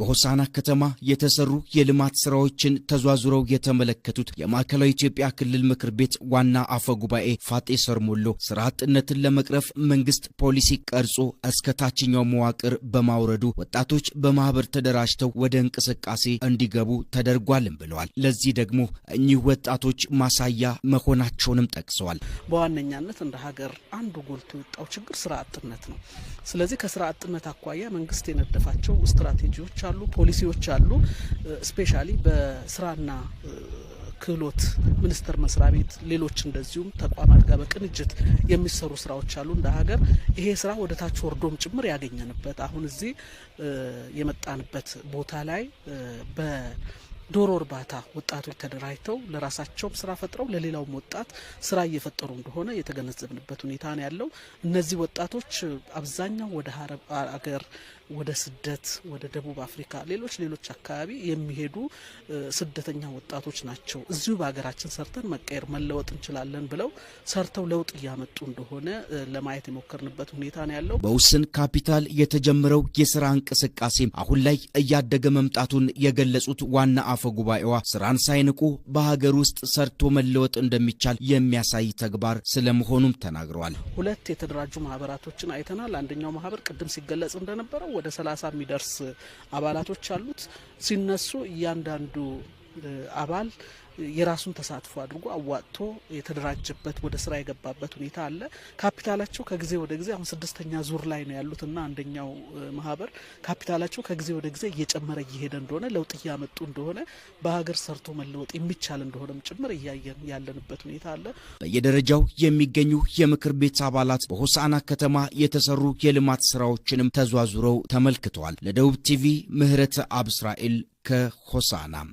በሆሳና ከተማ የተሰሩ የልማት ስራዎችን ተዟዙረው የተመለከቱት የማዕከላዊ ኢትዮጵያ ክልል ምክር ቤት ዋና አፈ ጉባኤ ፋጤ ሰርሞሎ ስራ አጥነትን ለመቅረፍ መንግስት ፖሊሲ ቀርጾ እስከ ታችኛው መዋቅር በማውረዱ ወጣቶች በማህበር ተደራጅተው ወደ እንቅስቃሴ እንዲገቡ ተደርጓልም ብለዋል። ለዚህ ደግሞ እኚህ ወጣቶች ማሳያ መሆናቸውንም ጠቅሰዋል። በዋነኛነት እንደ ሀገር አንዱ ጎልቶ የወጣው ችግር ስራ አጥነት ነው። ስለዚህ ከስራ አጥነት አኳያ መንግስት የነደፋቸው ስትራቴጂዎች አሉ፣ ፖሊሲዎች አሉ። ስፔሻሊ በስራና ክህሎት ሚኒስቴር መስሪያ ቤት ሌሎች እንደዚሁም ተቋማት ጋር በቅንጅት የሚሰሩ ስራዎች አሉ። እንደ ሀገር ይሄ ስራ ወደ ታች ወርዶም ጭምር ያገኘንበት አሁን እዚህ የመጣንበት ቦታ ላይ በ ዶሮ እርባታ ወጣቶች ተደራጅተው ለራሳቸውም ስራ ፈጥረው ለሌላውም ወጣት ስራ እየፈጠሩ እንደሆነ የተገነዘብንበት ሁኔታ ነው ያለው። እነዚህ ወጣቶች አብዛኛው ወደ አረብ አገር፣ ወደ ስደት፣ ወደ ደቡብ አፍሪካ፣ ሌሎች ሌሎች አካባቢ የሚሄዱ ስደተኛ ወጣቶች ናቸው። እዚሁ በሀገራችን ሰርተን መቀየር መለወጥ እንችላለን ብለው ሰርተው ለውጥ እያመጡ እንደሆነ ለማየት የሞከርንበት ሁኔታ ነው ያለው። በውስን ካፒታል የተጀመረው የስራ እንቅስቃሴ አሁን ላይ እያደገ መምጣቱን የገለጹት ዋና አፈ ጉባኤዋ ስራን ሳይንቁ በሀገር ውስጥ ሰርቶ መለወጥ እንደሚቻል የሚያሳይ ተግባር ስለመሆኑም ተናግረዋል። ሁለት የተደራጁ ማህበራቶችን አይተናል። አንደኛው ማህበር ቅድም ሲገለጽ እንደነበረው ወደ ሰላሳ የሚደርስ አባላቶች አሉት። ሲነሱ እያንዳንዱ አባል የራሱን ተሳትፎ አድርጎ አዋጥቶ የተደራጀበት ወደ ስራ የገባበት ሁኔታ አለ። ካፒታላቸው ከጊዜ ወደ ጊዜ አሁን ስድስተኛ ዙር ላይ ነው ያሉትና አንደኛው ማህበር ካፒታላቸው ከጊዜ ወደ ጊዜ እየጨመረ እየሄደ እንደሆነ ለውጥ እያመጡ እንደሆነ በሀገር ሰርቶ መለወጥ የሚቻል እንደሆነም ጭምር እያየን ያለንበት ሁኔታ አለ። በየደረጃው የሚገኙ የምክር ቤት አባላት በሆሳና ከተማ የተሰሩ የልማት ስራዎችንም ተዟዙረው ተመልክተዋል። ለደቡብ ቲቪ ምህረት አብስራኤል ከሆሳና